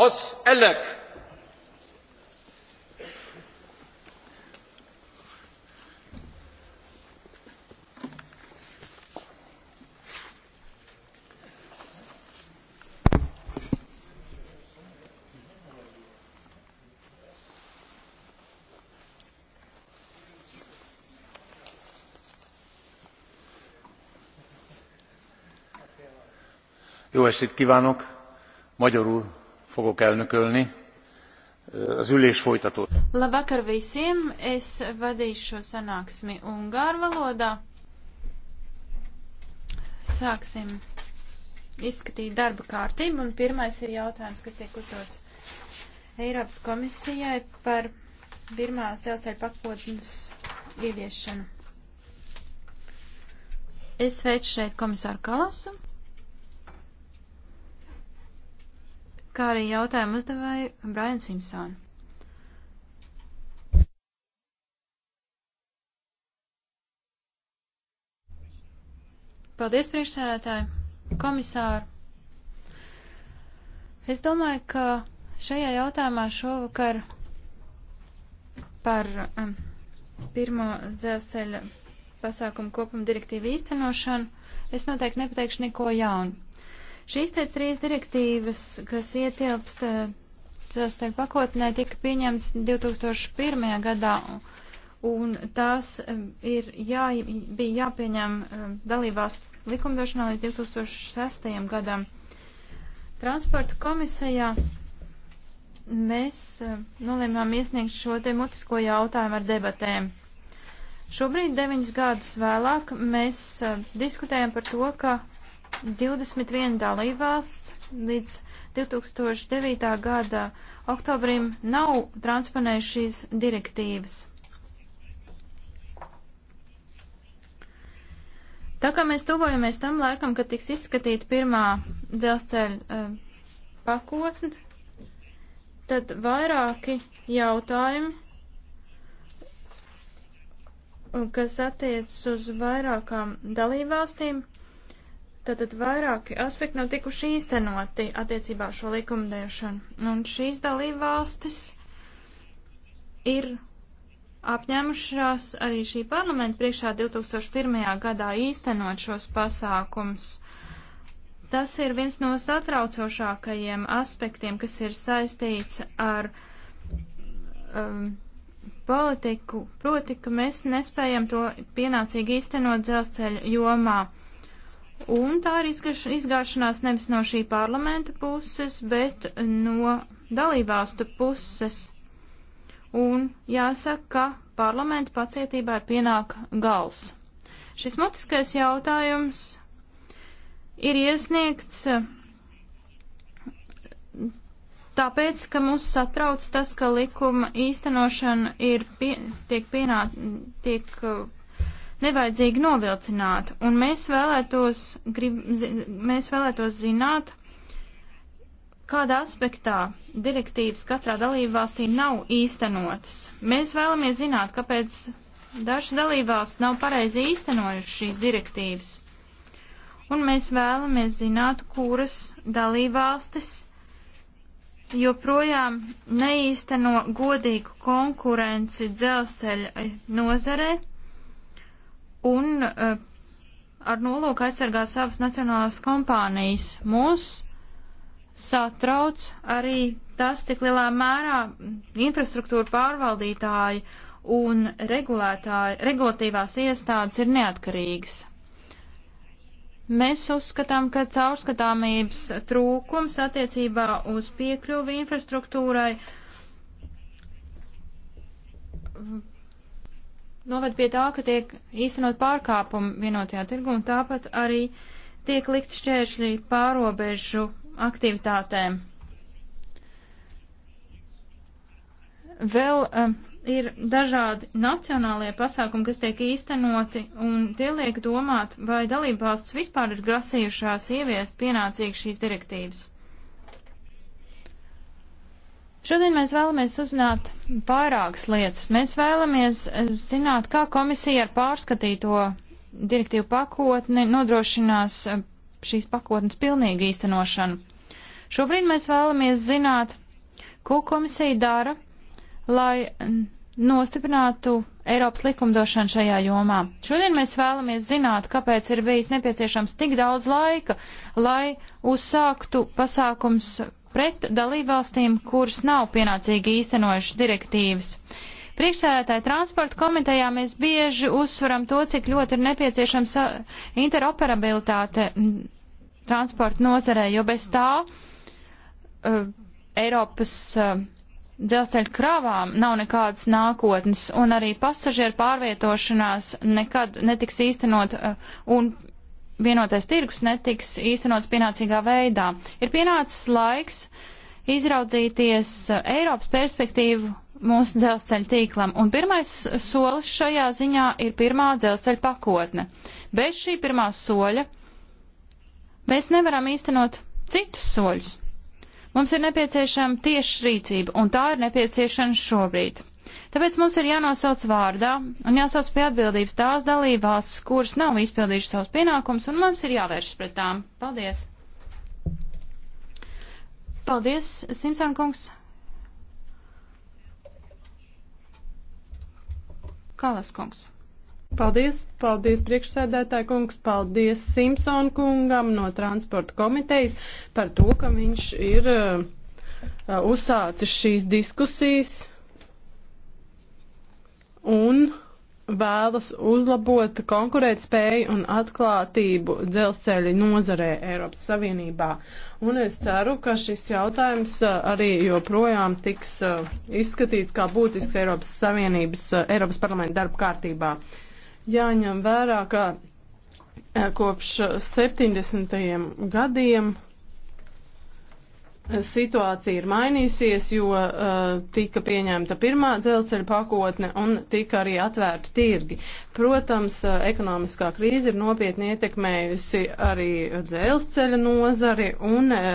az elek. Jó estét kívánok! Magyarul fogok elnökölni. Az ülés folytatódik. Labvakar visiem! Es vadīšu šo sanāksmi ungāru valodā. Sāksim izskatīt darba kārtību, un pirmais ir jautājums, kas tiek uzdots Eiropas komisijai par Birmās dzelzceļa pakotnes ieviešanu. Es sveicu šeit komisāru Kalasu. kā arī jautājumu uzdevēju Brian Simpsonu. Paldies, priekšsēdētāji, komisāri. Es domāju, ka šajā jautājumā šovakar par um, pirmo dzelzceļa pasākumu kopuma direktīvu īstenošanu es noteikti nepateikšu neko jaunu. Šīs te trīs direktīvas, kas ietilpst dzelzceļa eh, pakotnē, tika pieņemts 2001. gadā, un tās eh, ir jā, bija jāpieņem eh, dalībās likumdošanā līdz 2006. gadam. Transporta komisijā mēs nolēmām iesniegt šo te mutisko jautājumu ar debatēm. Šobrīd, deviņus gadus vēlāk, mēs diskutējam par to, ka 21 dalībvalsts līdz 2009. gada oktobrim nav transponējuši šīs direktīvas. Tā kā mēs tuvojamies tam laikam, kad tiks izskatīta pirmā dzelzceļa uh, pakotne, tad vairāki jautājumi, eh, kas attiecas uz vairākām dalībvalstīm, uh, Tātad vairāki aspekti nav tikuši īstenoti attiecībā ar šo likumdēšanu. Un šīs dalībvalstis ir apņēmušās arī šī parlamenta priekšā 2001. gadā īstenot šos pasākums. Tas ir viens no satraucošākajiem aspektiem, kas ir saistīts ar um, politiku, proti, ka mēs nespējam to pienācīgi īstenot dzelzceļa jomā. Un tā ir izgāšanās nevis no šī parlamenta puses, bet no dalībvalstu puses. Un jāsaka, ka parlamenta pacietībai pienāk gals. Šis mutiskais jautājums ir iesniegts tāpēc, ka mūs satrauc tas, ka likuma īstenošana ir pie, tiek pienāk, tiek nevajadzīgi novilcināt. Un mēs vēlētos, grib, zi, mēs vēlētos zināt, kādā aspektā direktīvas katrā dalībvalstī nav īstenotas. Mēs vēlamies zināt, kāpēc dažas dalībvalsts nav pareizi īstenojušas šīs direktīvas. Un mēs vēlamies zināt, kuras dalībvalstis joprojām neīsteno godīgu konkurenci dzelzceļa nozarē un uh, ar nolūku aizsargāt savas nacionālās kompānijas. Mūs satrauc arī tas, cik lielā mērā infrastruktūra pārvaldītāji un regulatīvās iestādes ir neatkarīgas. Mēs uzskatām, ka caurskatāmības trūkums attiecībā uz piekļuvi infrastruktūrai noved pie tā, ka tiek īstenot pārkāpumi vienotajā tirgu un tāpat arī tiek likt šķēršļi pārobežu aktivitātēm. Vēl um, ir dažādi nacionālie pasākumi, kas tiek īstenoti, un tie liek domāt, vai dalībvalsts vispār ir grasījušās ieviest pienācīgi šīs direktīvas. Šodien mēs vēlamies uzzināt vairākas lietas. Mēs vēlamies eh, zināt, kā komisija ar pārskatīto direktīvu pakotni nodrošinās eh, šīs pakotnes pilnīgu īstenošanu. Šobrīd mēs vēlamies zināt, ko komisija dara, lai mm, nostiprinātu Eiropas likumdošanu šajā jomā. Šodien mēs vēlamies zināt, kāpēc ir bijis nepieciešams tik daudz laika, lai uzsāktu pasākums pret dalībvalstīm, kuras nav pienācīgi īstenojušas direktīvas. Priekšsēdētāji transporta komitejā mēs bieži uzsveram to, cik ļoti ir nepieciešams uh, interoperabilitāte mm, transporta nozarē, jo bez tā uh, Eiropas uh, dzelzceļa krāvām nav nekādas nākotnes, un arī pasažieru pārvietošanās nekad netiks īstenot uh, un vienotais tirgus netiks īstenots pienācīgā veidā. Ir pienācis laiks izraudzīties Eiropas perspektīvu mūsu dzelzceļa tīklam, un pirmais solis šajā ziņā ir pirmā dzelzceļa pakotne. Bez šī pirmā soļa mēs nevaram īstenot citus soļus. Mums ir nepieciešama tieši rīcība, un tā ir nepieciešama šobrīd. Tāpēc mums ir jānosauc vārdā un jāsauc pie atbildības tās dalībās, kuras nav izpildījušas savus pienākumus, un mums ir jāvēršas pret tām. Paldies! Paldies, Simpson kungs! Kalas kungs! Paldies, paldies priekšsēdētāja kungs, paldies Simpson kungam no transporta komitejas par to, ka viņš ir uh, uzsācis šīs diskusijas un vēlas uzlabot konkurētspēju un atklātību dzelzceļa nozarē Eiropas Savienībā. Un es ceru, ka šis jautājums uh, arī joprojām tiks uh, izskatīts kā būtisks Eiropas Savienības, uh, Eiropas parlamenta darba kārtībā. Jāņem vērā, ka kopš 70. gadiem situācija ir mainījusies, jo uh, tika pieņemta pirmā dzelzceļa pakotne un tika arī atvērti tirgi. Protams, uh, ekonomiskā krīze ir nopietni ietekmējusi arī dzelzceļa nozari un uh,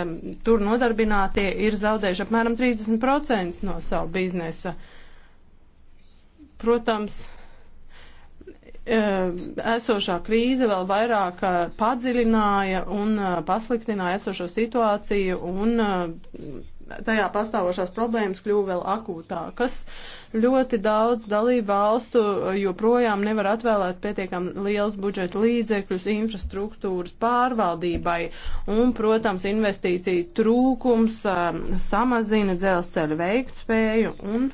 tur nodarbinātie ir zaudējuši apmēram 30% no savu biznesa. Protams, Eh, esošā krīze vēl vairāk eh, padziļināja un eh, pasliktināja esošo situāciju un tajā pastāvošās problēmas kļuva vēl akūtākas. Ļoti daudz dalību valstu joprojām nevar atvēlēt pietiekam liels budžeta līdzekļus infrastruktūras pārvaldībai, un, protams, investīcija trūkums samazina dzelzceļa veiktspēju un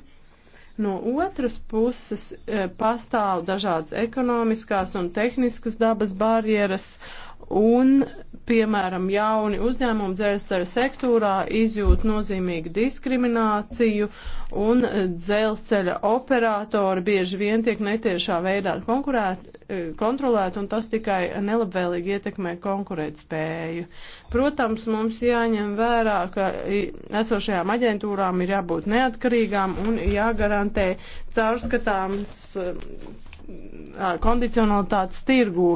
No otras puses e, pastāv dažādas ekonomiskās un tehniskas dabas barjeras, un, piemēram, jauni uzņēmumi dzelzceļa sektorā izjūt nozīmīgu diskrimināciju, un dzelzceļa operatori bieži vien tiek netiešā veidā konkurēt, E, kontrolēt, un tas tikai nelabvēlīgi ietekmē konkurētspēju. Protams, mums jāņem vērā, ka esošajām aģentūrām ir jābūt neatkarīgām un jāgarantē caurskatāms e, kondicionalitātes tirgū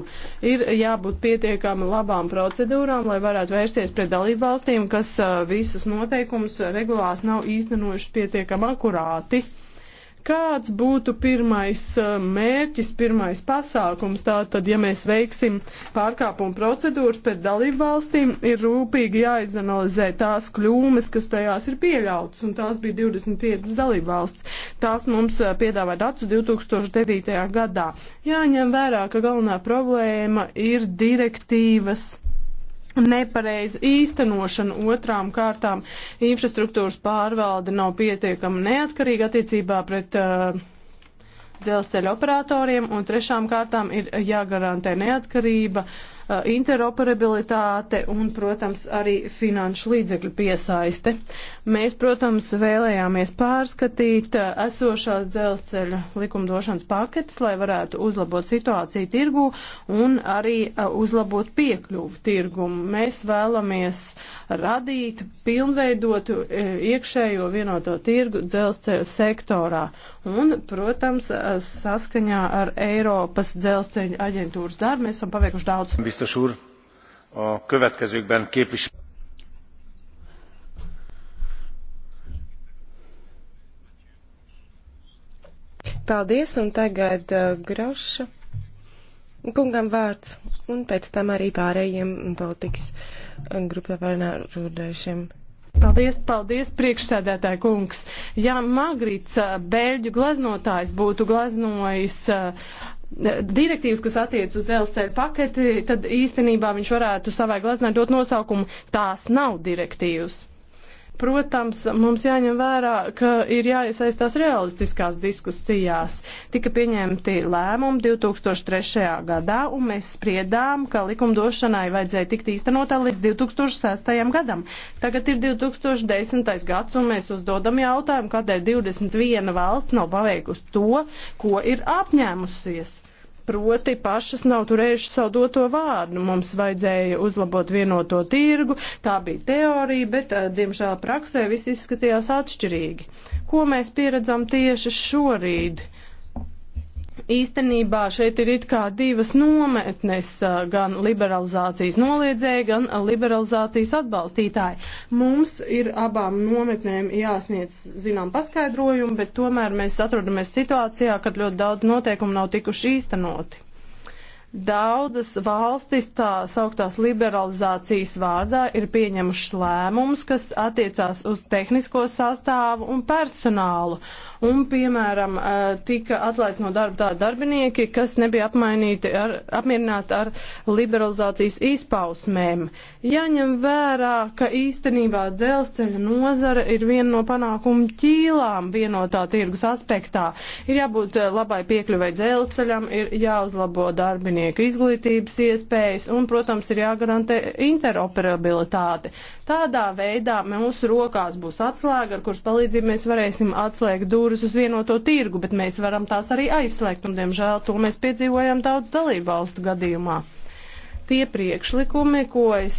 ir jābūt pietiekami labām procedūrām, lai varētu vērsties pret dalību valstīm, kas visus noteikumus regulās nav īstenojuši pietiekami akurāti. Kāds būtu pirmais uh, mērķis, pirmais pasākums? Tātad, ja mēs veiksim pārkāpumu procedūras pret dalību valstīm, ir rūpīgi jāizanalizē tās kļūmes, kas tajās ir pieļautas, un tās bija 25 dalību valsts. Tās mums uh, piedāvāja datus 2009. gadā. Jāņem vērā, ka galvenā problēma ir direktīvas nepareiza īstenošana otrām kārtām, infrastruktūras pārvalde nav pietiekama neatkarīga attiecībā pret uh, dzelzceļa operatoriem, un trešām kārtām ir jāgarantē neatkarība uh, Eh, interoperabilitāte un, protams, arī finanšu līdzekļu piesaiste. Mēs, protams, vēlējāmies pārskatīt eh, esošās dzelzceļa likumdošanas paketes, lai varētu uzlabot situāciju tirgu un arī eh, uzlabot piekļuvu tirgumu. Mēs vēlamies radīt pilnveidotu iekšējo vienoto tirgu dzelzceļa sektorā un, protams, saskaņā ar Eiropas dzelzceļa aģentūras darbu mēs esam paveikuši daudz biztos úr! a következőkben képviselő Paldies, un tagad uh, Groša kungam vārds, un pēc tam arī pārējiem politikas uh, grupā runājušiem. Paldies, paldies, priekšsēdētāji kungs. Ja Magrits, uh, beļģu glaznotājs, būtu glaznojis uh, direktīvas, kas attiec uz dzelzceļa paketi, tad īstenībā viņš varētu savai gleznai dot nosaukumu tās nav direktīvas. Protams, mums jāņem vērā, ka ir jāiesaistās realistiskās diskusijās. Tika pieņemti lēmumi 2003. gadā, un mēs spriedām, ka likumdošanai vajadzēja tikt īstenotā līdz 2006. gadam. Tagad ir 2010. gads, un mēs uzdodam jautājumu, kādēļ 21 valsts nav paveikusi to, ko ir apņēmusies proti pašas nav turējušas savu doto vārdu. Mums vajadzēja uzlabot vienoto tirgu, tā bija teorija, bet, eh, diemžēl, praksē viss izskatījās atšķirīgi. Ko mēs pieredzam tieši šorīd? Uh, īstenībā šeit ir it kā divas nometnes, gan liberalizācijas noliedzēji, gan liberalizācijas atbalstītāji. Mums ir abām nometnēm jāsniedz, zinām, paskaidrojumi, bet tomēr mēs atrodamies situācijā, kad ļoti daudz noteikumu nav tikuši īstenoti daudzas valstis tā sauktās liberalizācijas vārdā ir pieņemušas lēmumus, kas attiecās uz tehnisko sastāvu un personālu un, piemēram, tika atlaist no darba tādi darbinieki, kas nebija apmainīti ar, apmierināti ar liberalizācijas izpausmēm. Jāņem vērā, ka īstenībā dzelzceļa nozara ir viena no panākumu ķīlām vienotā tirgus aspektā. Ir jābūt labai piekļuvai dzelzceļam, ir jāuzlabo darbinieku izglītības iespējas un, protams, ir jāgarantē interoperabilitāte. Tādā veidā mūsu rokās būs atslēga, ar kuras palīdzību mēs varēsim atslēgt dūri durvis uz vienoto tirgu, bet mēs varam tās arī aizslēgt, un, diemžēl, to mēs piedzīvojam daudz dalību valstu gadījumā. Tie priekšlikumi, ko es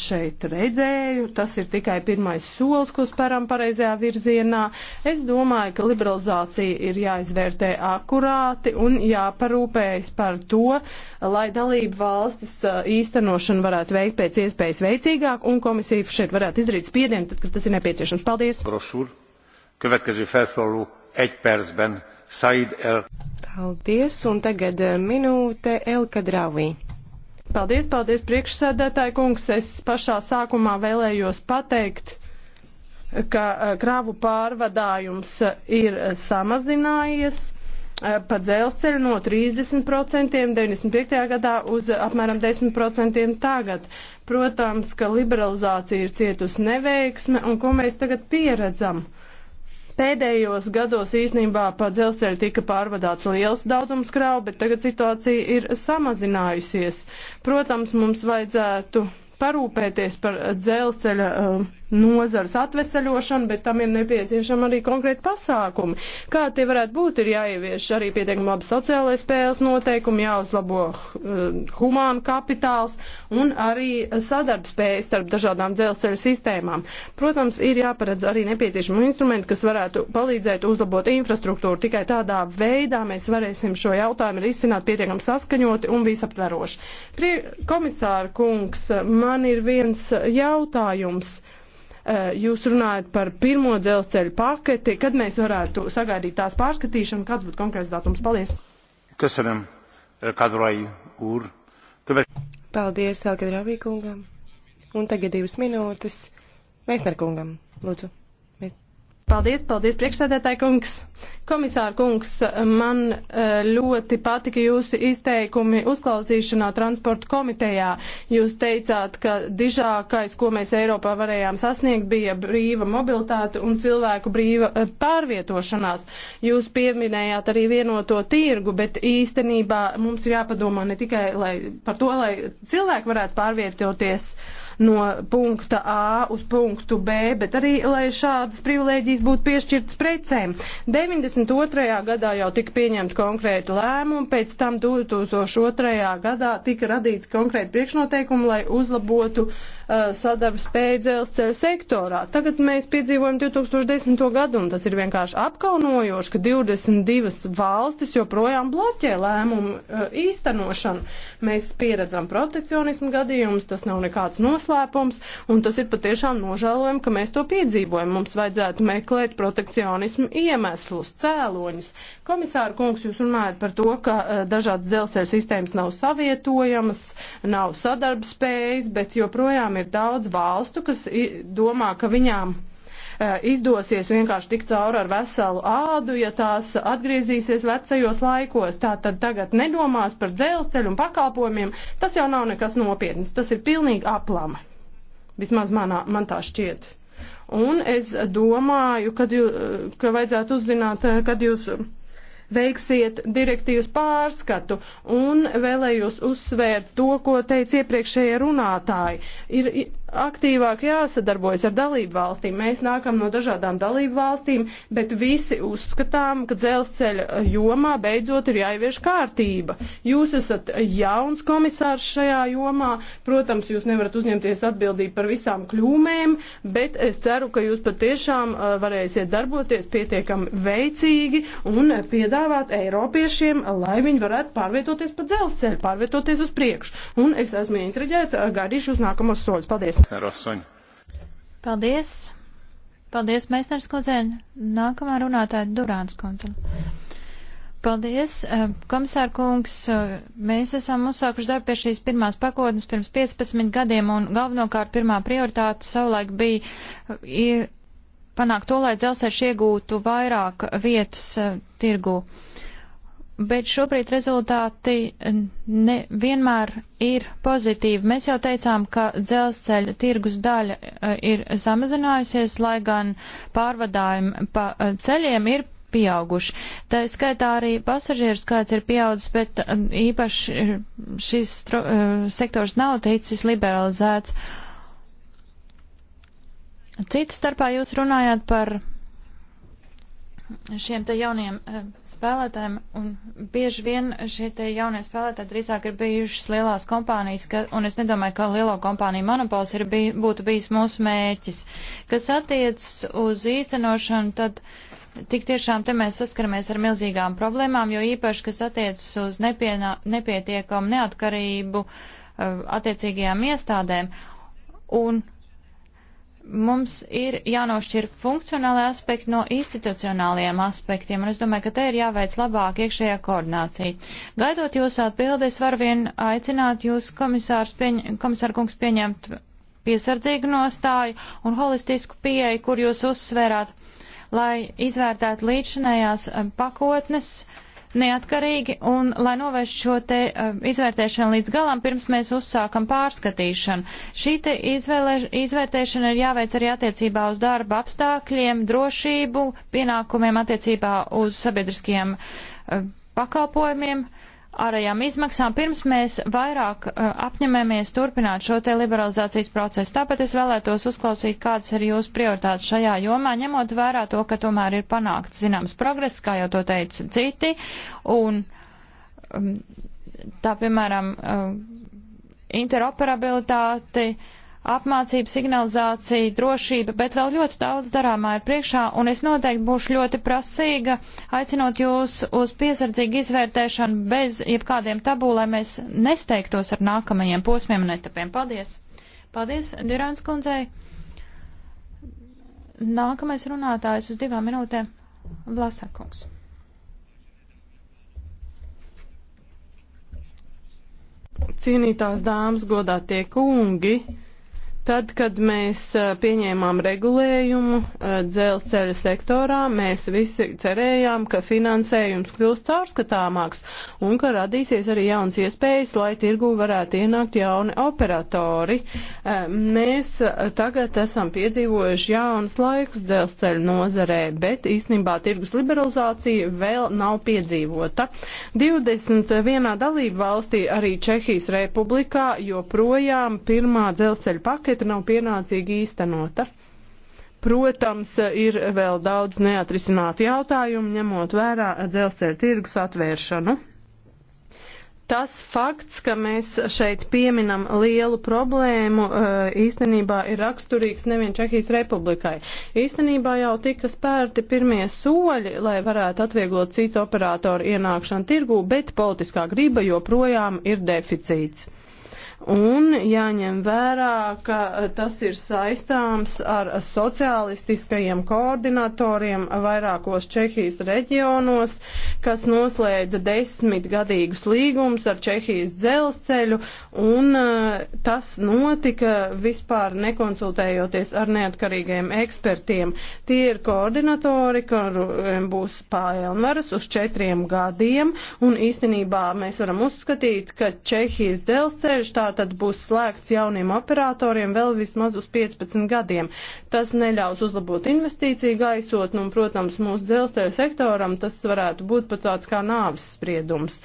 šeit redzēju, tas ir tikai pirmais solis, ko spēram pareizajā virzienā. Es domāju, ka liberalizācija ir jāizvērtē akurāti un jāparūpējas par to, lai dalību valstis īstenošanu varētu veikt pēc iespējas veicīgāk, un komisija šeit varētu izdarīt spiedienu, tad, kad tas ir nepieciešams. Paldies! Brošūra. Következő felszólaló egy percben Said El. Paldies, un tagad eh, minūte Elka Dravī. Paldies, paldies, priekšsēdētāji kungs. Es pašā sākumā vēlējos pateikt, ka eh, kravu pārvadājums eh, ir samazinājies pa dzelzceļu no 30% 95. gadā uz apmēram 10% tagad. Protams, ka liberalizācija ir cietusi neveiksme, un ko mēs tagad pieredzam? Uh, Pēdējos gados īstenībā pa dzelzceļu tika pārvadāts liels daudzums kravu, bet tagad situācija ir samazinājusies. Protams, mums vajadzētu parūpēties par dzelzceļa uh, nozars atveseļošanu, bet tam ir nepieciešama arī konkrēta pasākuma. Kā tie varētu būt, ir jāievieš arī pietiekami labi sociālais spēles noteikumi, jāuzlabo uh, um, humāna kapitāls un arī sadarbspējas starp dažādām dzelzceļa sistēmām. Protams, ir jāparedz arī nepieciešami instrumenti, kas varētu palīdzēt uzlabot infrastruktūru. Tikai tādā veidā mēs varēsim šo jautājumu risināt pietiekami saskaņoti un visaptveroši. Prie komisāra kungs, man man ir viens uh, jautājums. Uh, jūs runājat par pirmo dzelzceļa paketi. Kad mēs varētu sagaidīt tās pārskatīšanu? Kāds būtu konkrēts datums? Paldies! Köszönöm, eh, Kadrai úr. Követ... Paldies, Elkadravī kungam. Un tagad divas minūtes. Meisner kungam, lūdzu. Paldies, paldies, priekšsēdētāji kungs. Komisāra kungs, man eh, ļoti patika jūsu izteikumi uzklausīšanā transporta komitejā. Jūs teicāt, ka dižākais, ko mēs Eiropā varējām sasniegt, bija brīva mobilitāte un cilvēku brīva eh, pārvietošanās. Jūs pieminējāt arī vienoto tirgu, bet īstenībā mums ir jāpadomā ne tikai lai, par to, lai cilvēki varētu pārvietoties no punkta A uz punktu B, bet arī, lai šādas privilēģijas būtu piešķirtas precēm. 92. gadā jau tika pieņemta konkrēta lēmuma, pēc tam 2002. gadā tika radīta konkrēta priekšnoteikuma, lai uzlabotu uh, sadarbs pēdzelsceļa sektorā. Tagad mēs piedzīvojam 2010. gadu, un tas ir vienkārši apkaunojoši, ka 22 valstis joprojām bloķē lēmumu uh, īstenošanu. Mēs pieredzam protekcionismu gadījumus, tas nav nekāds noslēpums noslēpums, un tas ir patiešām nožēlojami, ka mēs to piedzīvojam. Mums vajadzētu meklēt protekcionismu iemeslus, cēloņus. Komisāra kungs, jūs runājat par to, ka e, dažādas dzelzceļa sistēmas nav savietojamas, nav sadarbspējas, bet joprojām ir daudz valstu, kas domā, ka viņām Eh, izdosies vienkārši tikt cauri ar veselu ādu, ja tās atgriezīsies vecajos laikos. Tā tad tagad nedomās par dzelzceļu un pakalpojumiem. Tas jau nav nekas nopietns. Tas ir pilnīgi aplama. Vismaz manā, man tā šķiet. Un es domāju, kad jū, eh, ka vajadzētu uzzināt, eh, kad jūs veiksiet direktīvas pārskatu un vēlējos uzsvērt to, ko teica iepriekšējie runātāji. Ir aktīvāk jāsadarbojas ar dalību valstīm. Mēs nākam no dažādām dalību valstīm, bet visi uzskatām, ka dzelzceļa jomā beidzot ir jāievieš kārtība. Jūs esat jauns komisārs šajā jomā, protams, jūs nevarat uzņemties atbildību par visām kļūmēm, bet es ceru, ka jūs patiešām uh, varēsiet darboties pietiekami veicīgi un piedāvāt Eiropiešiem, lai viņi varētu pārvietoties pa dzelzceļu, pārvietoties uz priekšu. Un es esmu intriģēta, gaidīšu uz nākamos soļus. Paldies! Paldies! Paldies, Meistars Kodzen! Nākamā runātāja Durāns Kodzen. Paldies, eh, komisār kungs. Eh, mēs esam uzsākuši darbu pie šīs pirmās pakotnes pirms 15 gadiem, un galvenokārt pirmā prioritāte savulaik bija eh, panākt to, lai dzelzceļš iegūtu vairāk vietas tirgū bet šobrīd rezultāti nevienmēr ir pozitīvi. Mēs jau teicām, ka dzelzceļa tirgus daļa eh, ir samazinājusies, lai gan pārvadājumi pa eh, ceļiem ir pieauguši. Tā skaitā arī pasažieru skaits ir pieaudzis, bet eh, īpaši šis sektors nav ticis liberalizēts. Cita starpā jūs runājāt par šiem te jauniem eh, spēlētājiem, un bieži vien šie te jaunie spēlētāji drīzāk ir bijušas lielās kompānijas, ka, un es nedomāju, ka lielo kompāniju monopols ir bij, būtu bijis mūsu mēķis. Kas attiecas uz īstenošanu, tad tik tiešām te mēs saskaramies ar milzīgām problēmām, jo īpaši, kas attiecas uz nepienā, nepietiekamu neatkarību eh, attiecīgajām iestādēm. Un mums ir jānošķir funkcionālai aspekti no institucionālajiem aspektiem, un es domāju, ka te ir jāveic labāk iekšējā koordinācija. Gaidot jūsu atbildi, es varu vien aicināt jūs, komisārs, pieņ komisārkungs, pieņemt piesardzīgu nostāju un holistisku pieeju, kur jūs uzsverāt, lai izvērtētu līdzinējās eh, pakotnes uh, neatkarīgi un lai novērst šo te uh, izvērtēšanu līdz galam, pirms mēs uzsākam pārskatīšanu. Šī te izvēlē, izvērtēšana ir jāveic arī attiecībā uz darba apstākļiem, drošību, pienākumiem attiecībā uz sabiedriskajiem uh, pakalpojumiem. Uh, ārējām izmaksām, pirms mēs vairāk uh, apņemamies turpināt šo te liberalizācijas procesu. Tāpēc es vēlētos uzklausīt, kādas ir jūsu prioritātes šajā jomā, ņemot vērā to, ka tomēr ir panākts zināms progress, kā jau to teica citi, un um, tā piemēram um, interoperabilitāti. Uh, apmācība, signalizācija, drošība, bet vēl ļoti daudz darāmā ir priekšā, un es noteikti būšu ļoti prasīga, aicinot jūs uz piesardzīgu izvērtēšanu bez jebkādiem tabū, lai mēs nesteigtos ar nākamajiem posmiem un etapiem. Paldies! Paldies, Dirāns kundzei! Nākamais runātājs uz divām minūtēm - Vlasakungs. Cienītās dāmas, godā tie kungi! Tad, kad mēs pieņēmām regulējumu dzelzceļa sektorā, mēs visi cerējām, ka finansējums kļūs caurskatāmāks un ka radīsies arī jauns iespējas, lai tirgū varētu ienākt jauni operatori. Mēs tagad esam piedzīvojuši jaunus laikus dzelzceļa nozarē, bet īstenībā tirgus liberalizācija vēl nav piedzīvota. 21. dalību valstī arī Čehijas republikā joprojām pirmā dzelzceļa paketa lieta nav pienācīgi īstenota. Protams, ir vēl daudz neatrisināti jautājumi, ņemot vērā dzelzceļa tirgus atvēršanu. Tas fakts, ka mēs šeit pieminam lielu problēmu, eh, īstenībā ir raksturīgs nevien Čehijas republikai. Īstenībā jau tika spērti pirmie soļi, lai varētu atvieglot citu operātoru ienākšanu tirgū, bet politiskā grība joprojām ir deficīts un jāņem vērā, ka tas ir saistāms ar sociālistiskajiem koordinatoriem vairākos Čehijas reģionos, kas noslēdza desmitgadīgus līgumus ar Čehijas dzelzceļu, un eh, tas notika vispār nekonsultējoties ar neatkarīgiem ekspertiem. Tie ir koordinatori, kuriem būs pāēlnvaras uz četriem gadiem, un īstenībā mēs varam uzskatīt, ka Čehijas dzelzceļš tā tātad būs slēgts jauniem operatoriem vēl vismaz uz 15 gadiem. Tas neļaus uzlabot investīciju gaisotni un, protams, mūsu dzelzceļa sektoram tas varētu būt pat tāds kā nāves spriedums.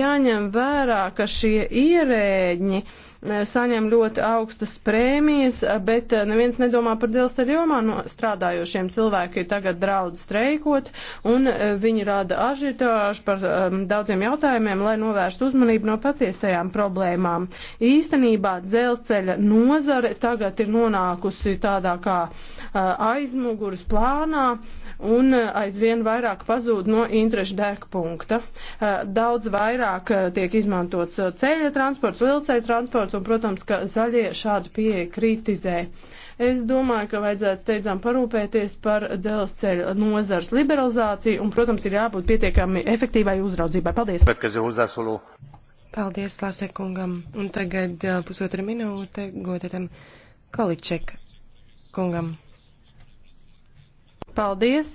Jāņem vērā, ka šie ierēģi, uh, saņem ļoti augstas prēmijas, bet eh, neviens nedomā par dzelzceļa jomā no strādājošiem cilvēki tagad draudz streikot, un eh, viņi rada ažitāžu par um, daudziem jautājumiem, lai novērstu uzmanību no patiesajām problēmām. Īstenībā dzelzceļa nozare tagad ir nonākusi tādā kā uh, aizmuguras plānā, un eh, aizvien vairāk pazūd no interešu degpunkta. Eh, daudz vairāk eh, tiek izmantots ceļa transports, vilceļa transports, un, protams, ka zaļie šādu pieeju kritizē. Es domāju, ka vajadzētu steidzām parūpēties par dzelzceļa nozars liberalizāciju, un, protams, ir jābūt pietiekami efektīvai uzraudzībai. Paldies! Paldies, Lāse kungam. Un tagad pusotra minūte gotetam Količek kungam. Paldies!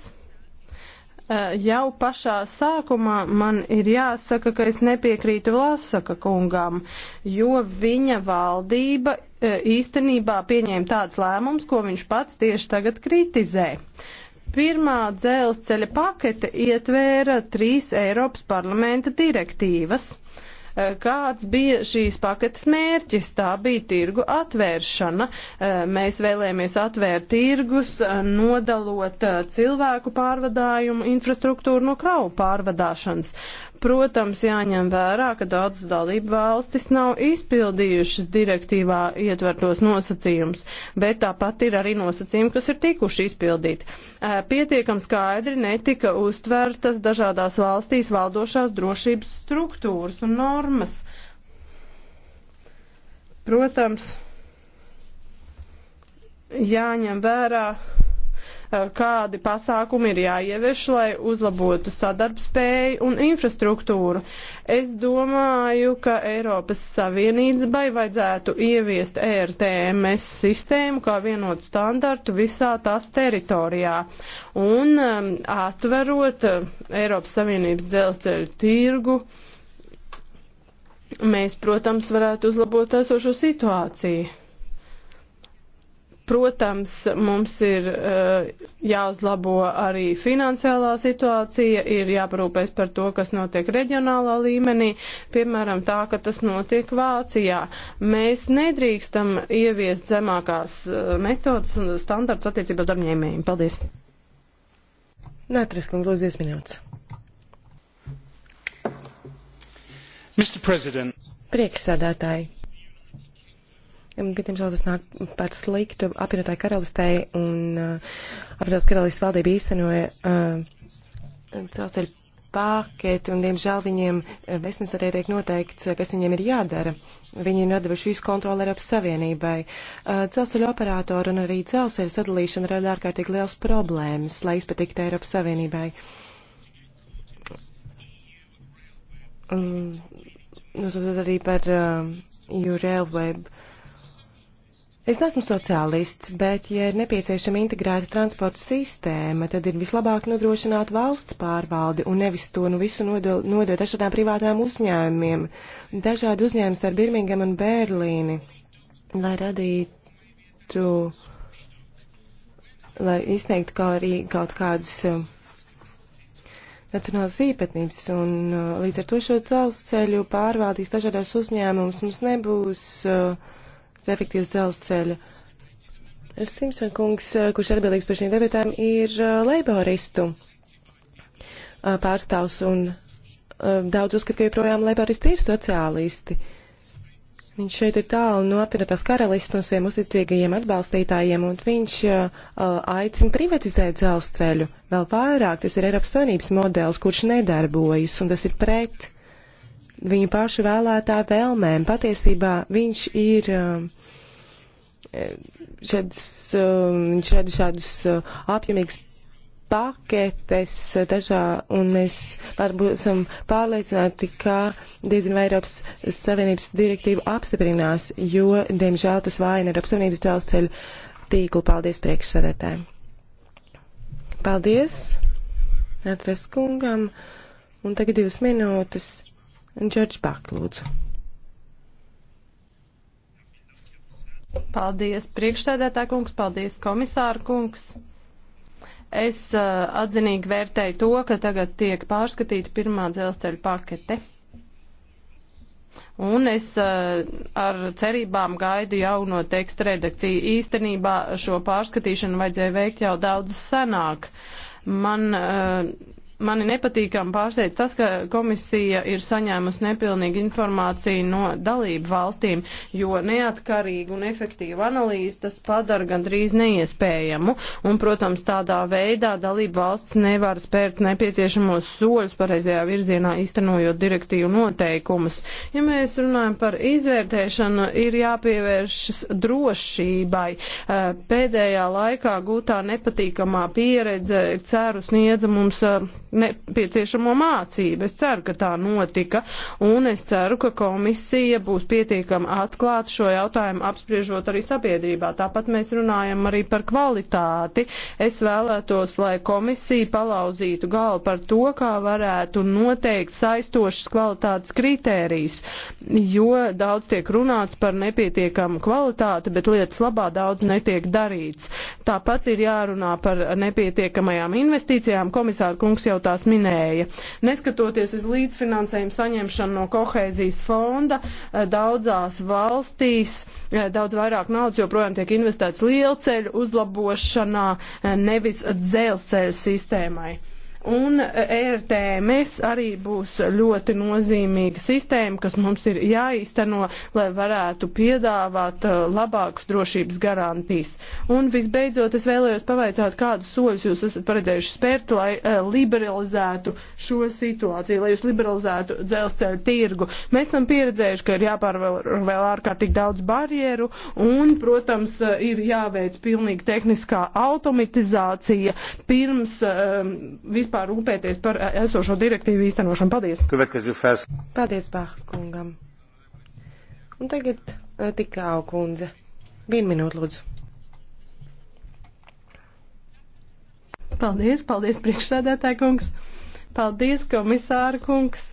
Eh, jau pašā sākumā man ir jāsaka, ka es nepiekrītu Vlasaka kungam, jo viņa valdība eh, īstenībā pieņēma tāds lēmums, ko viņš pats tieši tagad kritizē. Pirmā dzelzceļa pakete ietvēra trīs Eiropas parlamenta direktīvas Eh, kāds bija šīs paketes mērķis? Tā bija tirgu atvēršana. Eh, mēs vēlējāmies atvērt tirgus, eh, nodalot cilvēku pārvadājumu infrastruktūru no kravu pārvadāšanas. Protams, jāņem vērā, ka daudzas dalību valstis nav izpildījušas direktīvā ietvertos nosacījumus, bet tāpat ir arī nosacījumi, kas ir tikuši izpildīti. Pietiekam skaidri netika uztvērtas dažādās valstīs valdošās drošības struktūras un normas. Protams, jāņem vērā Eh, kādi pasākumi ir jāievieš, lai uzlabotu sadarbspēju un infrastruktūru. Es domāju, ka Eiropas Savienībai vajadzētu ieviest ERTMS sistēmu kā vienotu standartu visā tās teritorijā un atverot eh, Eiropas Savienības dzelzceļu tirgu. Mēs, protams, varētu uzlabot esošo situāciju. Protams, mums ir uh, jāuzlabo arī finansiālā situācija, ir jāparūpēs par to, kas notiek reģionālā līmenī, piemēram, tā, ka tas notiek Vācijā. Mēs nedrīkstam ieviest zemākās uh, metodas un standarts attiecībā darbņēmējiem. Paldies! Nē, Triskungs, lūdzu, 10 minūtes. Priekšsēdētāji, Bet, diemžēl, tas nāk par sliktu apvienotāju karalistei, un uh, apvienotās karalistes valdība īstenoja uh, celceļu paketi, un, diemžēl, viņiem uh, vesnes arī tiek noteikts, uh, kas viņiem ir jādara. Viņi ir nodevuši visu kontroli Eiropas Savienībai. Uh, celceļu operātoru un arī celceļu sadalīšana rada ārkārtīgi liels problēmas, lai izpatiktu Eiropas Savienībai. Um, mm, Nosaucot nu, arī par uh, URL web Es neesmu sociālists, bet, ja ir nepieciešama integrēta transporta sistēma, tad ir vislabāk nodrošināt valsts pārvaldi un nevis to nu visu nodot nodo dažādām privātām uzņēmumiem, dažādi uzņēmumi starp Birmingham un Berlīni, lai radītu, lai izsniegtu kaut arī kaut kādas um, nacionālas īpatnības, un uh, līdz ar to šo dzelzceļu pārvaldīs dažādās uzņēmumus mums nebūs. Uh, efektīvs dzelzceļa. Simpson kungs, eh, kurš ir atbildīgs par šīm debatēm, ir eh, leiboristu eh, pārstāvs un daudz uzskat, ka joprojām leiboristi ir sociālisti. Viņš šeit ir tālu no apvienotās karalistas un saviem uzticīgajiem atbalstītājiem, un viņš uh, aicina privatizēt dzelzceļu. Vēl vairāk tas ir Eiropas Savienības modelis, kurš nedarbojas, un tas ir pret uh, viņu pašu vēlētā vēlmēm. Patiesībā viņš ir um, eh, šādus, um, viņš rada šādus uh, apjomīgus paketes uh, dažā, un mēs varbūt esam pārliecināti, ka diezgan vai Eiropas Savienības direktīva apstiprinās, jo, diemžēl, tas vājina Eiropas Savienības dzelzceļu tīklu. Paldies priekšsēdētājiem! Paldies! Atras kungam! Un tagad divas minūtes Džordžs Bāk, lūdzu. Paldies, priekšsēdētā kungs, paldies, komisāra kungs. Es uh, atzinīgi vērtēju to, ka tagad tiek pārskatīta pirmā dzelzceļa pakete. Un es uh, ar cerībām gaidu jauno tekstu redakciju. Īstenībā šo pārskatīšanu vajadzēja veikt jau daudz senāk. Man uh, mani nepatīkam pārsteidz tas, ka komisija ir saņēmusi nepilnīgu informāciju no dalību valstīm, jo neatkarīgu un efektīvu analīzi tas padara gandrīz neiespējamu. Un, protams, tādā veidā dalību valsts nevar spērt nepieciešamos soļus pareizajā virzienā, iztenojot direktīvu noteikumus. Ja mēs runājam par izvērtēšanu, ir jāpievēršas drošībai. Eh, pēdējā laikā gūtā nepatīkamā pieredze ceru sniedza mums eh, nepieciešamo mācību. Es ceru, ka tā notika, un es ceru, ka komisija būs pietiekami atklāta šo jautājumu apspriežot arī sabiedrībā. Tāpat mēs runājam arī par kvalitāti. Es vēlētos, lai komisija palauzītu galvu par to, kā varētu noteikt saistošas kvalitātes kritērijas, jo daudz tiek runāts par nepietiekamu kvalitāti, bet lietas labā daudz netiek darīts. Tāpat ir jārunā par nepietiekamajām investīcijām. Komisāra kungs jau tās minēja. Neskatoties uz līdzfinansējumu saņemšanu no kohēzijas fonda, eh, daudzās valstīs eh, daudz vairāk naudas joprojām tiek investēts lielceļu uzlabošanā, eh, nevis dzelzceļu sistēmai. Un ERTMS arī būs ļoti nozīmīga sistēma, kas mums ir jāīsteno, lai varētu piedāvāt uh, labākus drošības garantijas. Un visbeidzot, es vēlējos pavaicāt, kādus soļus jūs esat paredzējuši spērt, lai uh, liberalizētu šo situāciju, lai jūs liberalizētu dzelzceļa tirgu. Mēs esam pieredzējuši, ka ir jāpārvēl vēl ārkārtīgi daudz barjeru un, protams, uh, ir jāveic pilnīgi tehniskā automatizācija pirms um, vispār vispār rūpēties par e, esošo direktīvu īstenošanu. Paldies! Paldies, Bāhkungam! Un tagad e, tikā kundze. Vienu minūtu, lūdzu. Paldies, paldies, priekšsēdētāji kungs! Paldies, komisāra kungs!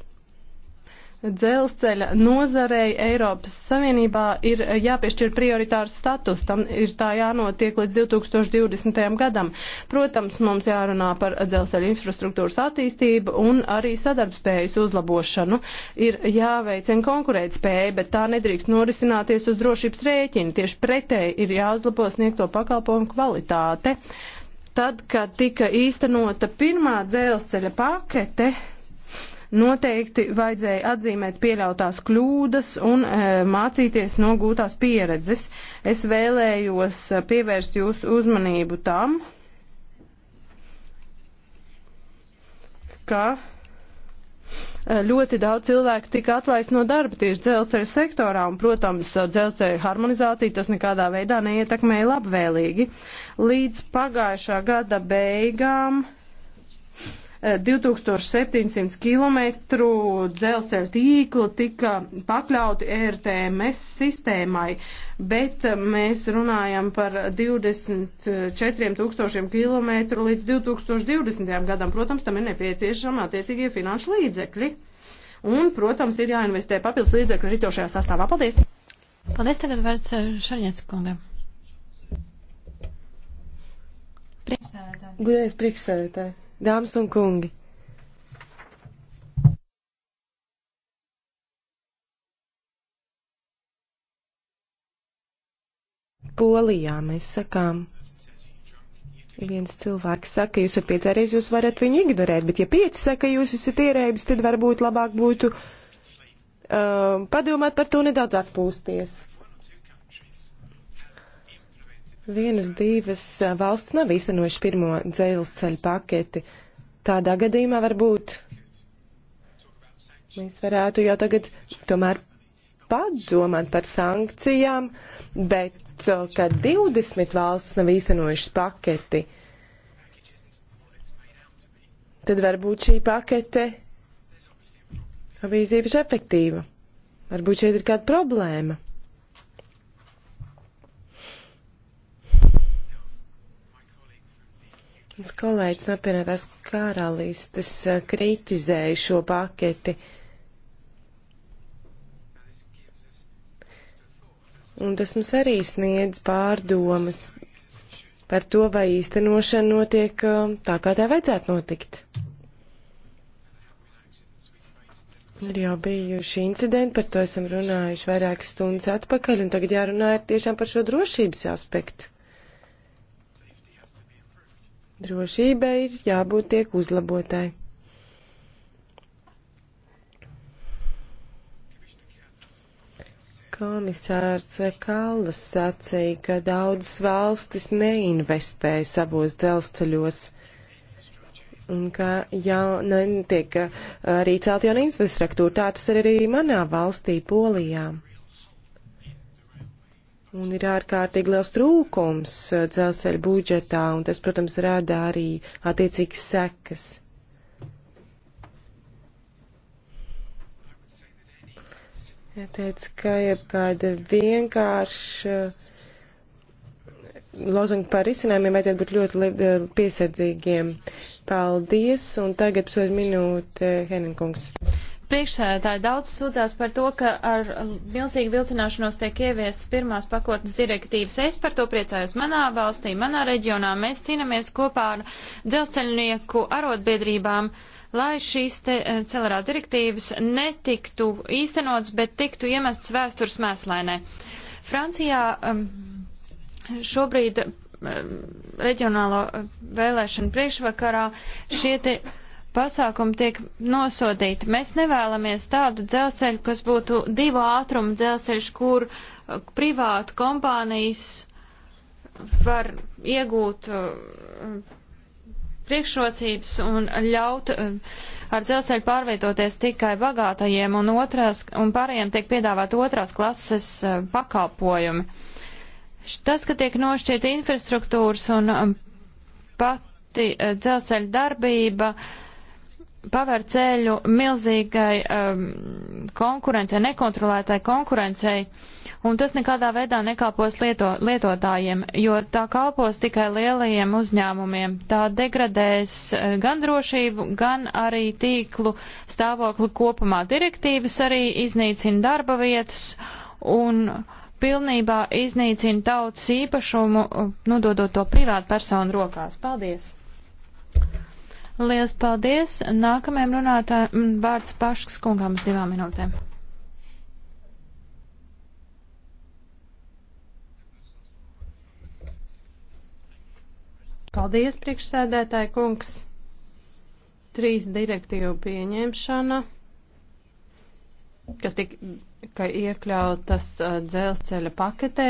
dzelzceļa nozarei Eiropas Savienībā ir jāpiešķir prioritārs status. Tam ir tā jānotiek līdz 2020. gadam. Protams, mums jārunā par dzelzceļa infrastruktūras attīstību un arī sadarbspējas uzlabošanu. Ir jāveicina konkurētspēja, bet tā nedrīkst norisināties uz drošības rēķina. Tieši pretēji ir jāuzlabo sniegto pakalpojumu kvalitāte. Tad, kad tika īstenota pirmā dzelzceļa pakete, Noteikti vajadzēja atzīmēt pieļautās kļūdas un e, mācīties no gūtās pieredzes. Es vēlējos e, pievērst jūsu uzmanību tam, ka e, ļoti daudz cilvēku tika atlaist no darba tieši dzelzceļa sektorā, un, protams, dzelzceļa harmonizācija tas nekādā veidā neietekmēja labvēlīgi. Līdz pagājušā gada beigām 2700 eh, km dzelzceļa tīkla tika pakļauti ERTMS sistēmai, bet eh, mēs runājam par 24,000 km līdz 2020. gadam. Protams, tam ir nepieciešama attiecīgie finanšu līdzekļi. Un, protams, ir jāinvestē papildus līdzekļu arī tošajā sastāvā. Paldies! Paldies tagad vērts eh, Šarņēts kungam. Priekšsēdētāji. Gudējais priekšsēdētāji dāmas un kungi! Polijā mēs sakām, viens cilvēks saka, jūs esat piedzērējis, jūs varat viņu ignorēt, bet ja pieci saka, jūs esat ierēbis, tad varbūt labāk būtu uh, padomāt par to nedaudz atpūsties. Vienas divas valsts nav īstenojuši pirmo dzelzceļa paketi. Tādā gadījumā varbūt mēs varētu jau tagad tomēr padomāt par sankcijām, bet ka 20 valsts nav īstenojušas paketi, tad varbūt šī pakete bija zīves efektīva. Varbūt šeit ir kāda problēma. Mans kolēģis no apvienotās karalistes eh, kritizēja šo paketi. Un tas mums arī sniedz pārdomas par to, vai īstenošana notiek eh, tā, kā tā vajadzētu notikt. Ir jau bijuši incidenti, par to esam runājuši vairākas stundas atpakaļ, un tagad jārunā ir tiešām par šo drošības aspektu. Drošībai ir jābūt tiek uzlabotai. Komisārs Kallas sacīja, ka daudzas valstis neinvestē savos dzelzceļos un ka jau netiek eh, arī celt jauna infrastruktūra. Tā tas ir arī manā valstī, Polijā. Un ir ārkārtīgi liels trūkums eh, dzelzceļa budžetā, un tas, protams, rada arī attiecīgas sekas. Ja teica, ka jebkāda vienkārša eh, lozunga par izcinājumiem vajadzētu būt ļoti eh, piesardzīgiem. Paldies, un tagad pusotru minūti Henninkungs. Priekšsēdētāji daudz sūdzās par to, ka ar um, milzīgu vilcināšanos tiek ieviestas pirmās pakotnes direktīvas. Es par to priecājos manā valstī, manā reģionā. Mēs cīnāmies kopā ar dzelzceļnieku arotbiedrībām lai šīs te eh, celerā direktīvas netiktu īstenots, bet tiktu iemests vēstures mēslainē. Francijā um, šobrīd um, reģionālo uh, vēlēšanu priekšvakarā šie te pasākumi tiek nosodīti. Mēs nevēlamies tādu dzelzceļu, kas būtu divu ātrumu dzelzceļš, kur uh, privātu kompānijas var iegūt uh, priekšrocības un ļaut uh, ar dzelzceļu pārvietoties tikai bagātajiem un, otrās, un pārējiem tiek piedāvāt otrās klases pakalpojumi. Tas, ka tiek nošķiet infrastruktūras un um, pati dzelzceļa darbība, uh, paver ceļu milzīgai um, konkurencei, nekontrolētai konkurencei, un tas nekādā veidā nekāpos lieto, lietotājiem, jo tā kalpos tikai lielajiem uzņēmumiem. Tā degradēs eh, gan drošību, gan arī tīklu stāvokli kopumā. Direktīvas arī iznīcina darba vietas un pilnībā iznīcina tautas īpašumu, eh, nododot to privātu personu rokās. Paldies! Lielas paldies! Nākamajam runātājam mm, vārds Paškas kungām uz divām minūtēm. Paldies, priekšsēdētāji kungs! Trīs direktīvu pieņemšana kas tika iekļautas uh, dzelzceļa paketē,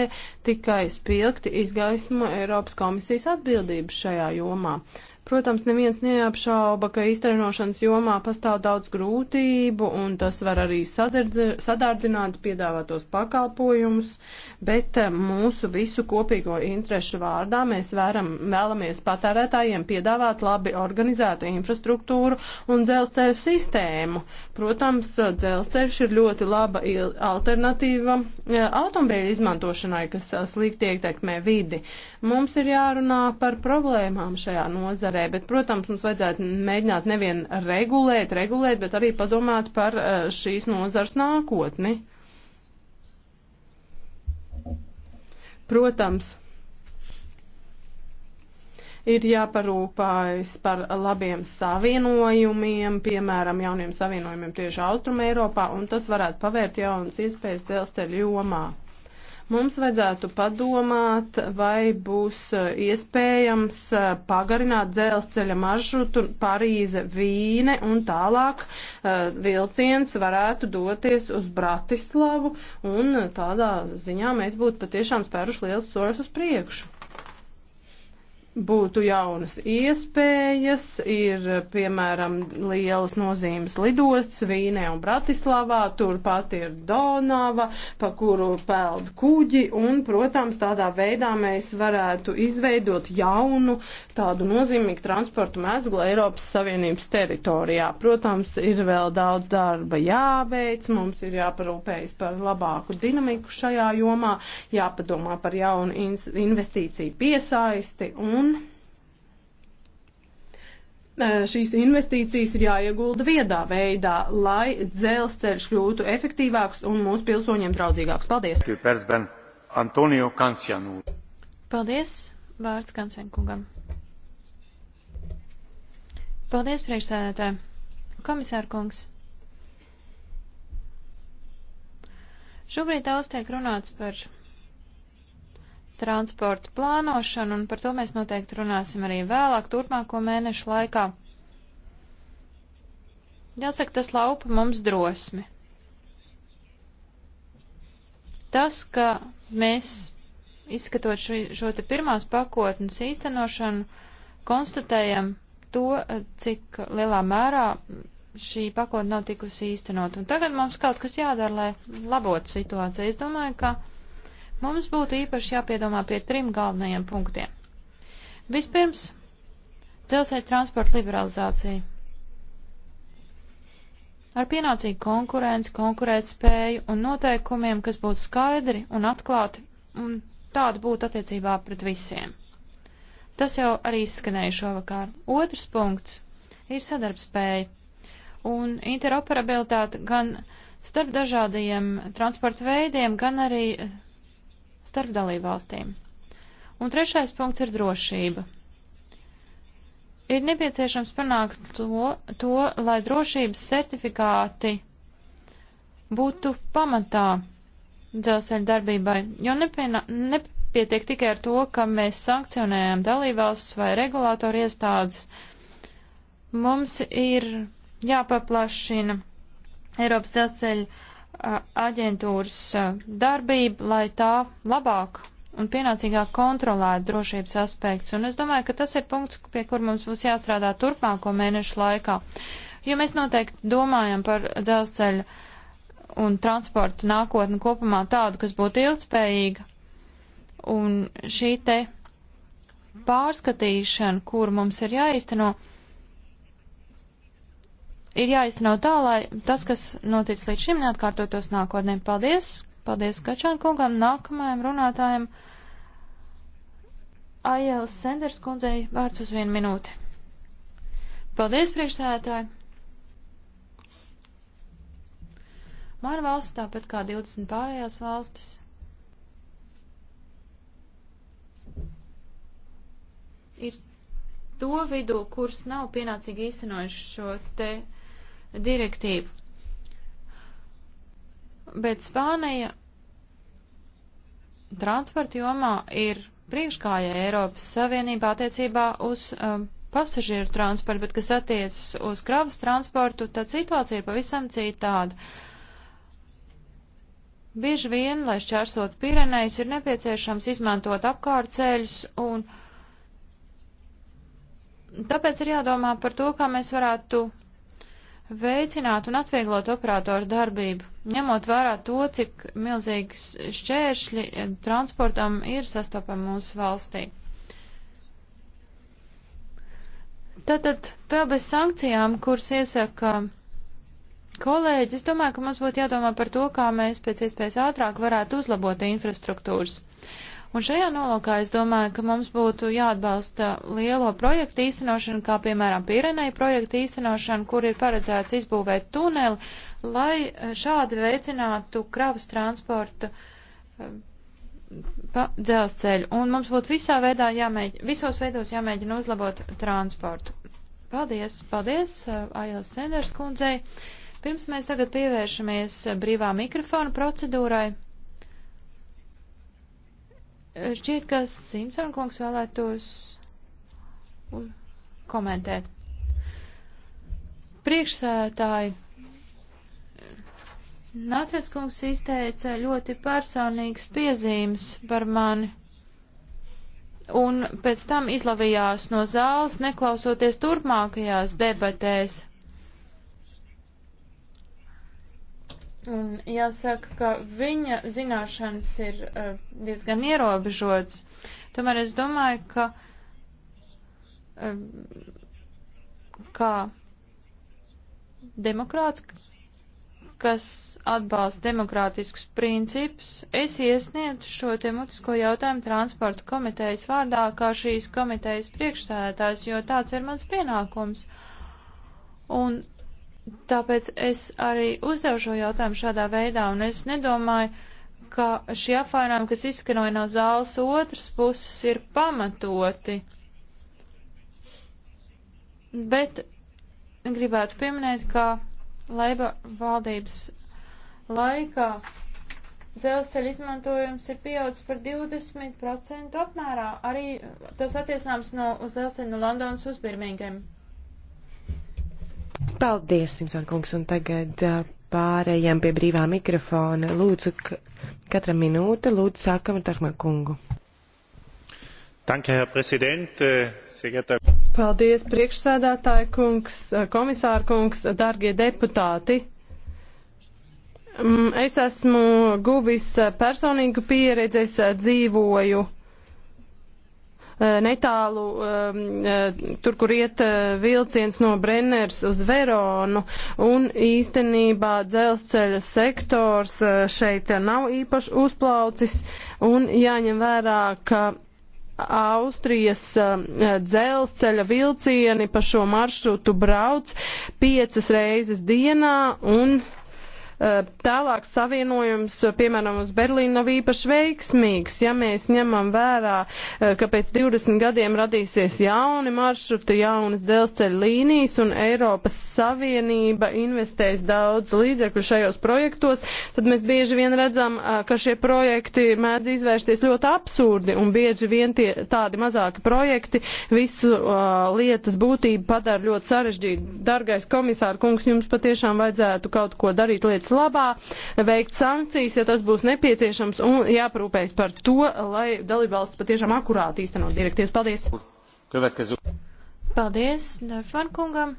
tikai spilgti izgaismo Eiropas komisijas atbildību šajā jomā. Protams, neviens neapšauba, ka izstrenošanas jomā pastāv daudz grūtību, un tas var arī sadārdzināt piedāvātos pakalpojumus, bet eh, mūsu visu kopīgo interešu vārdā mēs vēram, vēlamies patērētājiem piedāvāt labi organizētu infrastruktūru un dzelzceļa sistēmu. Protams, dzelzceļš ir ļoti laba alternatīva eh, automobīļu izmantošanai, kas eh, slikti ietekmē vidi. Mums ir jārunā par problēmām šajā nozarē nozarē, bet, protams, mums vajadzētu mēģināt nevien regulēt, regulēt, bet arī padomāt par eh, šīs nozars nākotni. Protams, ir jāparūpājas par labiem savienojumiem, piemēram, jauniem savienojumiem tieši Austrum Eiropā, un tas varētu pavērt jaunas iespējas dzelzceļu jomā. Mums vajadzētu padomāt, vai būs eh, iespējams eh, pagarināt dzelzceļa maršrutu Parīze Vīne un tālāk eh, vilciens varētu doties uz Bratislavu un tādā ziņā mēs būtu patiešām spēruši liels soļus uz priekšu būtu jaunas iespējas, ir piemēram lielas nozīmes lidostas Vīnē un Bratislavā, turpat ir Donava, pa kuru peld kuģi, un, protams, tādā veidā mēs varētu izveidot jaunu tādu nozīmīgu transportu mezglu Eiropas Savienības teritorijā. Protams, ir vēl daudz darba jāveic, mums ir jāparūpējas par labāku dinamiku šajā jomā, jāpadomā par jaunu investīciju piesaisti un Un e, šīs investīcijas ir jāiegulda viedā veidā, lai dzelzceļš kļūtu efektīvāks un mūsu pilsoņiem draudzīgāks. Paldies! Antonio Kancianu. Paldies! Vārds Kancienkungam. Paldies, priekšsēdētāji! Komisārkungs! Šobrīd daudz tiek runāts par transportu plānošanu, un par to mēs noteikti runāsim arī vēlāk, turpmāko mēnešu laikā. Jāsaka, tas laupa mums drosmi. Tas, ka mēs, izskatot šo, šo te pirmās pakotnes īstenošanu, konstatējam to, cik lielā mērā šī pakotne nav tikusi īstenot. Un tagad mums kaut kas jādara, lai labotu situāciju. Es domāju, ka Mums būtu īpaši jāpiedomā pie trim galvenajiem punktiem. Vispirms, dzelzceļa transporta liberalizācija. Ar pienācīgu konkurenci, konkurētspēju un noteikumiem, kas būtu skaidri un atklāti, un tāda būtu attiecībā pret visiem. Tas jau arī izskanēja šovakar. Otrs punkts ir sadarbspēja un interoperabilitāte gan starp dažādajiem transporta veidiem, gan arī starp dalībvalstīm. Un trešais punkts ir drošība. Ir nepieciešams panākt to, to lai drošības certifikāti būtu pamatā dzelzceļa darbībai, jo nepiena, nepietiek tikai ar to, ka mēs sankcionējam dalībvalsts vai regulātoru iestādes. Mums ir jāpaplašina Eiropas dzelzceļa aģentūras darbību, lai tā labāk un pienācīgāk kontrolētu drošības aspekts. Un es domāju, ka tas ir punkts, pie kur mums būs jāstrādā turpmāko mēnešu laikā. Jo mēs noteikti domājam par dzelzceļa un transporta nākotni kopumā tādu, kas būtu ilgspējīga. Un šī te pārskatīšana, kur mums ir jāizteno, uh, ir jāiztenot tā, lai tas, kas notic līdz šim, neatkārtotos nākotnē. Paldies! Paldies Kačāna kungam, nākamajam runātājam. Aijēlis Senders kundzei vārds uz vienu minūti. Paldies, priekšsēdētāji! Mana valsts, tāpat kā 20 pārējās valstis, ir to vidū, kuras nav pienācīgi īstenojuši šo te direktīvu. Bet Spānija transporta jomā ir priekškājai Eiropas Savienībā attiecībā uz um, pasažieru transportu, bet kas attiecas uz kravas transportu, tad situācija ir pavisam citāda. Bieži vien, lai šķērsot Pirenejus, ir nepieciešams izmantot apkārtceļus un tāpēc ir jādomā par to, kā mēs varētu veicināt un atvieglot operatoru darbību, ņemot vērā to, cik milzīgas šķēršļi transportam ir sastopami mūsu valstī. Tātad vēl bez sankcijām, kuras iesaka kolēģi, es domāju, ka mums būtu jādomā par to, kā mēs pēc iespējas ātrāk varētu uzlabot infrastruktūras. Un šajā nolūkā es domāju, ka mums būtu jāatbalsta lielo projektu īstenošanu, kā piemēram Pirenei projektu īstenošanu, kur ir paredzēts izbūvēt tuneli, lai eh, šādi veicinātu kravas transportu eh, pa dzelzceļu. Un mums būtu visā veidā jāmēģina, visos veidos jāmēģina uzlabot transportu. Paldies, paldies, eh, Ailes Cenders kundzei. Pirms mēs tagad pievēršamies brīvā mikrofona procedūrai. Šķiet, ka Simpson kungs vēlētos komentēt. Priekšsētāji, Natras kungs izteica ļoti personīgas piezīmes par mani, un pēc tam izlavījās no zāles, neklausoties turpmākajās debatēs. Un jāsaka, ka viņa zināšanas ir uh, diezgan ierobežotas. Tomēr es domāju, ka uh, kā demokrāts, kas atbalsta demokrātiskus principus, es iesniedzu šo te mutisko jautājumu transporta komitejas vārdā, kā šīs komitejas priekšsēdētājs, jo tāds ir mans pienākums. Un Tāpēc es arī uzdevu šo jautājumu šādā veidā, un es nedomāju, ka šie apvainojumi, kas izskanoja no zāles otras puses, ir pamatoti. Bet gribētu pieminēt, ka laiba valdības laikā dzelzceļa izmantojums ir pieaudzis par 20% apmērā. Arī tas attiecināms no, uz dzelzceļu no Londonas uz Birmingham. Paldies, Simpson kungs, un tagad pārējām pie brīvā mikrofona. Lūdzu, katra minūte, lūdzu, sākam ar Tarkma kungu. Danke, Herr Präsident, sehr geehrter Paldies, priekšsēdētāja kungs, komisāra kungs, dārgie deputāti. Mm, es esmu guvis personīgu pieredzi, es dzīvoju Eh, netālu ehm, eh, tur, kur iet eh, vilciens no Brenners uz Veronu, un īstenībā dzelzceļa sektors šeit nav īpaši uzplaucis, un jāņem vērā, ka Austrijas dzelzceļa vilcieni pa šo maršrutu brauc piecas reizes dienā un Eh, tālāk savienojums, eh, piemēram, uz Berlīnu nav īpaši veiksmīgs. Ja mēs ņemam vērā, eh, ka pēc 20 gadiem radīsies jauni maršruti, jaunas dzelzceļa līnijas un Eiropas Savienība investēs daudz līdzekļu šajos projektos, tad mēs bieži vien redzam, ka šie projekti mēdz izvērsties ļoti absurdi un bieži vien tie tādi mazāki projekti visu uh, lietas būtību padara ļoti sarežģītu. Dargais komisāra kungs, jums patiešām vajadzētu kaut ko darīt lietas labā, veikt sankcijas, ja tas būs nepieciešams, un jāprūpējas par to, lai dalībvalsts patiešām akurāti īstenot direktīvas. Paldies! Paldies, Dorfman kungam!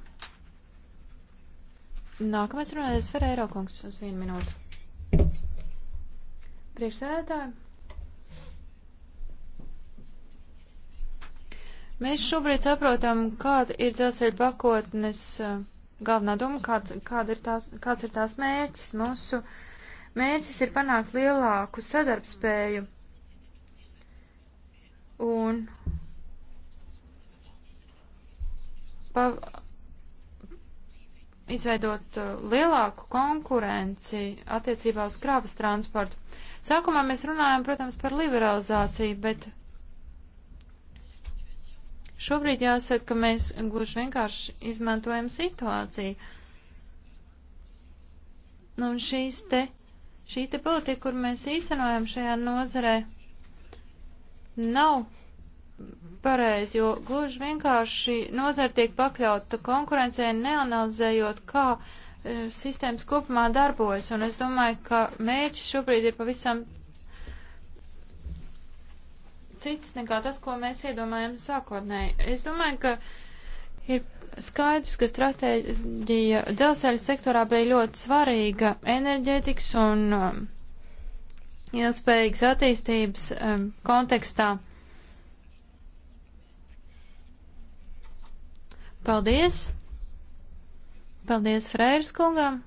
Nākamais runājas Ferēro kungs uz vienu minūtu. Priekšsēdētāji! Mēs šobrīd saprotam, kāda ir dzelzceļa pakotnes uh, galvenā doma, kāds, kāda ir tās, kāds ir tās mērķis. Mūsu mērķis ir panākt lielāku sadarbspēju un pa, izveidot uh, lielāku konkurenci attiecībā uz krāvas transportu. Sākumā mēs runājam, protams, par liberalizāciju, bet Šobrīd jāsaka, ka mēs gluži vienkārši izmantojam situāciju. Nu, un šīs te, šī te politika, kur mēs īstenojam šajā nozarē, nav pareizi, jo gluži vienkārši nozara tiek pakļauta konkurencei, neanalizējot, kā e, sistēmas kopumā darbojas. Un es domāju, ka mēģis šobrīd ir pavisam cits nekā tas, ko mēs iedomājam sākotnēji. Es domāju, ka ir skaidrs, ka stratēģija dzelzceļa sektorā bija ļoti svarīga enerģētikas un um, ilgspējīgas attīstības um, kontekstā. Paldies! Paldies Frēras kungam!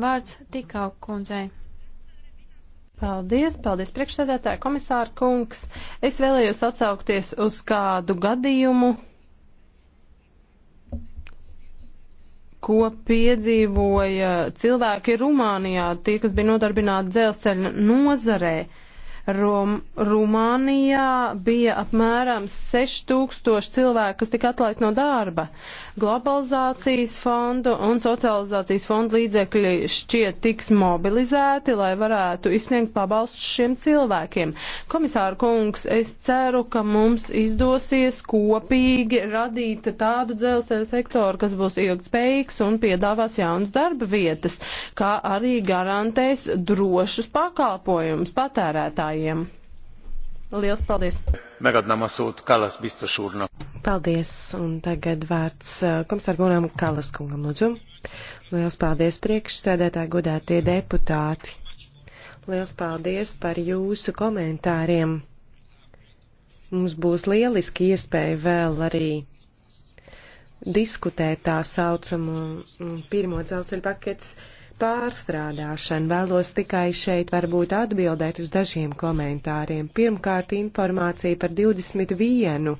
Vārds tikau kundzei. Paldies, paldies priekšsēdētāji komisāra kungs. Es vēlējos atsaukties uz kādu gadījumu, ko piedzīvoja cilvēki Rumānijā, tie, kas bija nodarbināti dzelzceļa nozarē. Uh, Rom, Rumānijā bija apmēram 6000 cilvēku, kas tika atlaist no darba. Globalizācijas fondu un socializācijas fondu līdzekļi šķiet tiks mobilizēti, lai varētu izsniegt pabalstu šiem cilvēkiem. Komisāra kungs, es ceru, ka mums izdosies kopīgi radīt tādu dzelzceļa sektoru, kas būs ilgspējīgs un piedāvās jaunas darba vietas, kā arī garantēs drošus pakalpojumus patērētājiem ziņojumiem. Liels paldies! Megadnām asūt Kalas biztos úrnak. Paldies, un tagad vārds uh, komisārgunam Kalas kungam, lūdzu. Liels paldies priekšsēdētāji, godētie deputāti. Liels paldies par jūsu komentāriem. Mums būs lieliski iespēja vēl arī diskutēt tā saucamu mm, pirmo dzelzceļa paketes pārstrādāšanu. Vēlos tikai šeit varbūt atbildēt uz dažiem komentāriem. Pirmkārt, informācija par 21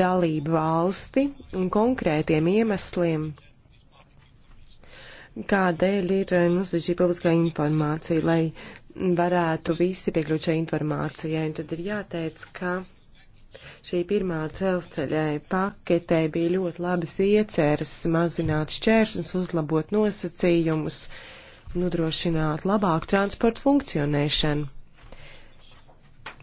dalību valsti un konkrētiem iemesliem, kādēļ ir nosažīta publiskā informācija, lai varētu visi piekļūt šai informācijai. Un tad ir jāteic, ka šī pirmā dzelzceļai paketē bija ļoti labas ieceras mazināt šķēršļus, uzlabot nosacījumus. Uh, nodrošināt labāku transportu funkcionēšanu.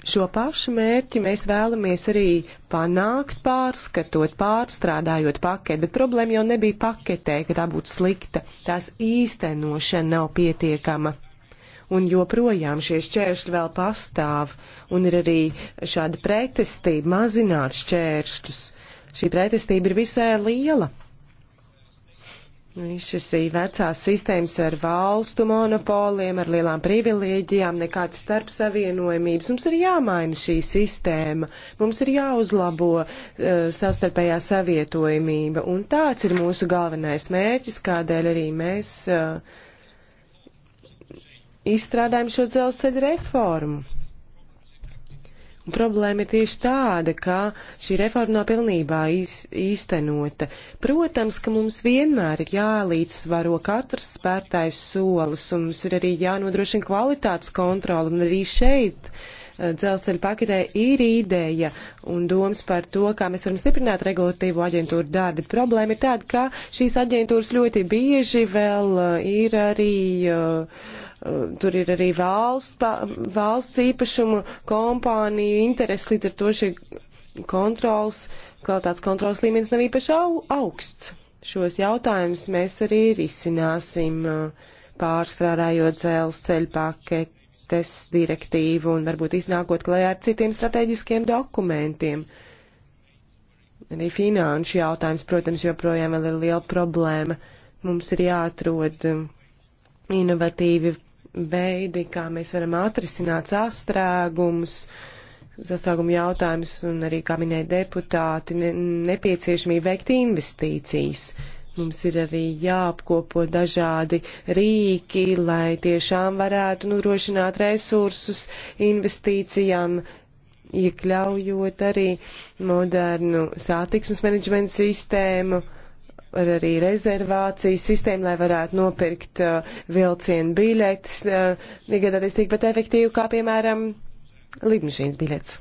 Šo pašu mērķi mēs vēlamies arī panākt, pārskatot, pārstrādājot paketi, bet problēma jau nebija paketē, ka tā būtu slikta. Tās īstenošana nav pietiekama. Un joprojām šie šķēršļi vēl pastāv, un ir arī šāda pretestība mazināt šķēršļus. Šī pretestība ir visai liela. Šis vecās sistēmas ar valstu monopoliem, ar lielām privilēģijām, nekāds starp savienojumības. Mums ir jāmaina šī sistēma, mums ir jāuzlabo uh, savstarpējā savietojumība, un tāds ir mūsu galvenais mērķis, kādēļ arī mēs uh, izstrādājam šo dzelzceļa reformu. Problēma ir tieši tāda, ka šī reforma nav pilnībā iz, īstenota. Protams, ka mums vienmēr ir jālīdzsvaro katrs spērtais solis, un mums ir arī jānodrošina kvalitātes kontrola, un arī šeit eh, dzelzceļa paketē ir ideja un domas par to, kā mēs varam stiprināt regulatīvo aģentūru darbi. Problēma ir tāda, ka šīs aģentūras ļoti bieži vēl eh, ir arī uh, Uh, tur ir arī valsts, pa, valsts īpašumu kompāniju interesi, līdz ar to šī kontrols, kvalitātes kontrols līmenis nav īpaši au, augsts. Šos jautājumus mēs arī risināsim uh, pārstrādājot dzelzceļa paketes direktīvu un varbūt iznākot klajā ar citiem strateģiskiem dokumentiem. Arī finanšu jautājums, protams, joprojām vēl ir liela problēma. Mums ir jāatrod um, inovatīvi veidi, kā mēs varam atrisināt sastrēgumus, sastrēgumu jautājumus un arī, kā minēja deputāti, ne, nepieciešamība veikt investīcijas. Mums ir arī jāapkopo dažādi rīki, lai tiešām varētu nodrošināt resursus investīcijām, iekļaujot arī modernu satiksmes menedžmenta sistēmu par arī rezervāciju sistēmu, lai varētu nopirkt uh, vilcienu biļetes, uh, iegādāties tikpat efektīvi kā, piemēram, lidmašīnas biļetes.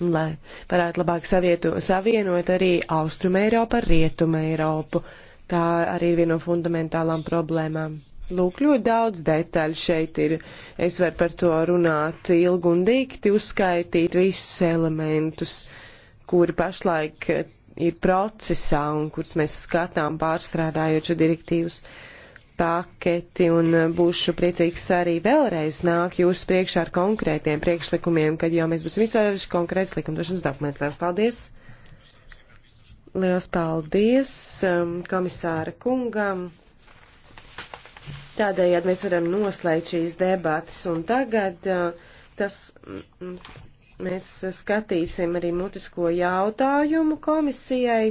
Lai varētu labāk savietu, savienot arī Austruma Eiropu ar Rietuma Eiropu. Tā arī ir viena no fundamentālām problēmām. Lūk, ļoti daudz detaļu šeit ir. Es varu par to runāt ilgi un dikti, uzskaitīt visus elementus, kuri pašlaik ir procesā un kurus mēs skatām pārstrādājot šo direktīvas paketi un e, būšu priecīgs arī vēlreiz nāk jūs priekšā ar konkrētiem priekšlikumiem, kad jau mēs būsim izstrādājuši konkrēts likumdošanas dokuments. Lielas paldies! Lielas paldies um, komisāra kungam! Tādējādi mēs varam noslēgt šīs debatas un tagad uh, tas. Mm, mm Mēs skatīsim arī mutisko jautājumu komisijai.